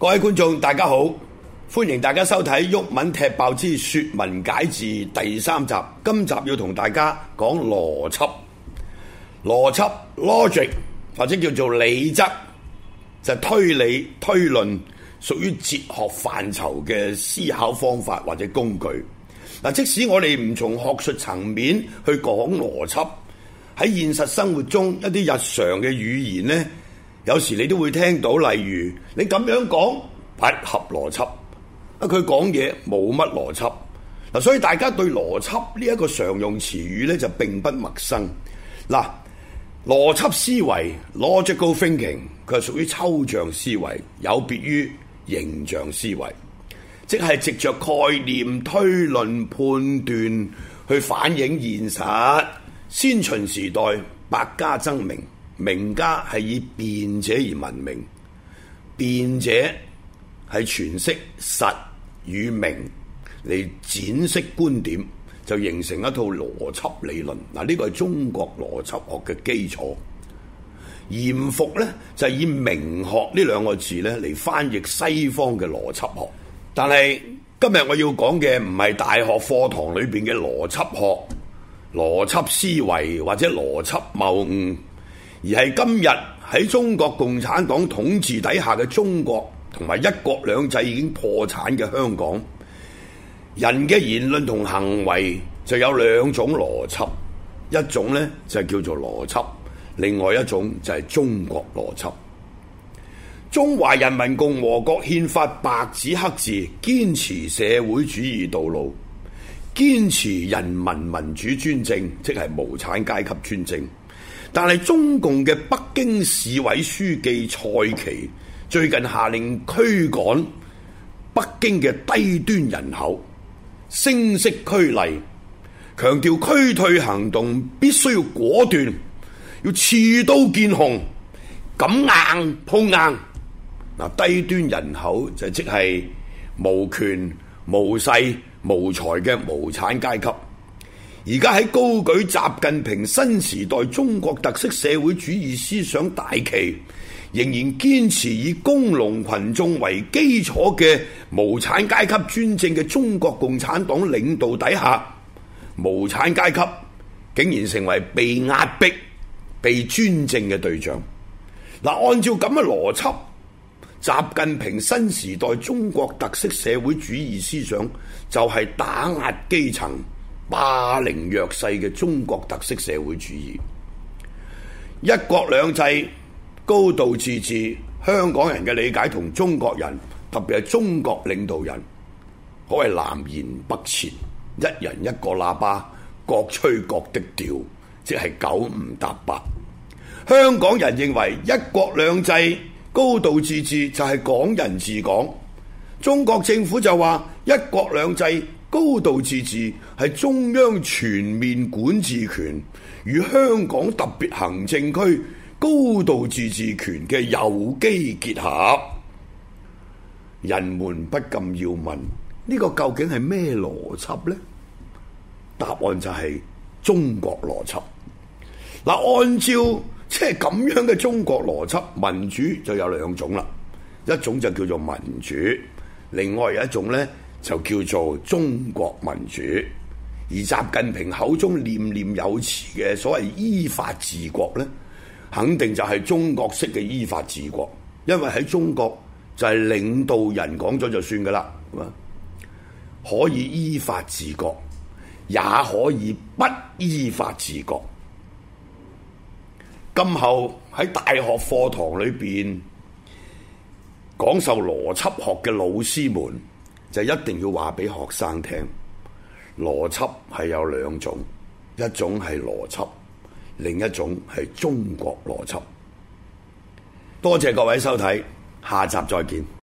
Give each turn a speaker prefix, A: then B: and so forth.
A: 各位觀眾，大家好，歡迎大家收睇《毓民踢爆之說文解字》第三集。今集要同大家講邏輯，邏輯 （logic） 或者叫做理則，就係推理、推論，屬於哲學範疇嘅思考方法或者工具。嗱，即使我哋唔從學術層面去講邏輯，喺現實生活中一啲日常嘅語言呢。有時你都會聽到，例如你咁樣講不合邏輯，啊佢講嘢冇乜邏輯。嗱，所以大家對邏輯呢一個常用詞語咧就並不陌生。嗱，邏輯思維 （logic a l thinking） 佢係屬於抽象思維，有別於形象思維，即係藉着概念推論判斷去反映現實。先秦時代百家爭鳴。名家係以辯者而聞名，辯者係詮釋實與名，嚟展示觀點，就形成一套邏輯理論。嗱，呢個係中國邏輯學嘅基礎。嚴復呢，就係以明學呢兩個字咧嚟翻譯西方嘅邏輯學。但係今日我要講嘅唔係大學課堂裏邊嘅邏輯學、邏輯思維或者邏輯謬誤。而係今日喺中國共產黨統治底下嘅中國，同埋一國兩制已經破產嘅香港，人嘅言論同行為就有兩種邏輯，一種呢，就係叫做邏輯，另外一種就係中國邏輯。中華人民共和國憲法白紙黑字，堅持社會主義道路，堅持人民民主專政，即係無產階級專政。但係中共嘅北京市委書記蔡奇最近下令驅趕北京嘅低端人口，聲色俱厲，強調驅退行動必須要果斷，要刺刀見紅，咁硬碰硬。嗱，低端人口就即、是、係無權無勢無才嘅無,無產階級。而家喺高舉習近平新時代中國特色社會主義思想大旗，仍然堅持以工農群眾為基礎嘅無產階級專政嘅中國共產黨領導底下，無產階級竟然成為被壓迫、被專政嘅對象。嗱，按照咁嘅邏輯，習近平新時代中國特色社會主義思想就係打壓基層。霸凌弱勢嘅中國特色社會主義，一國兩制高度自治，香港人嘅理解同中國人，特別係中國領導人，可謂南轅北轍，一人一個喇叭，各吹各的調，即係九唔搭八。香港人認為一國兩制高度自治就係港人治港，中國政府就話一國兩制。高度自治係中央全面管治權與香港特別行政區高度自治權嘅有機結合，人們不禁要問：「呢個究竟係咩邏輯呢？」答案就係中國邏輯。嗱，按照即係咁樣嘅中國邏輯，民主就有兩種啦，一種就叫做民主，另外有一種呢。就叫做中國民主，而習近平口中念念有詞嘅所謂依法治國咧，肯定就係中國式嘅依法治國，因為喺中國就係領導人講咗就算噶啦，可以依法治國，也可以不依法治國。今後喺大學課堂裏邊講授邏輯學嘅老師們。就一定要話畀學生聽，邏輯係有兩種，一種係邏輯，另一種係中國邏輯。多謝各位收睇，下集再見。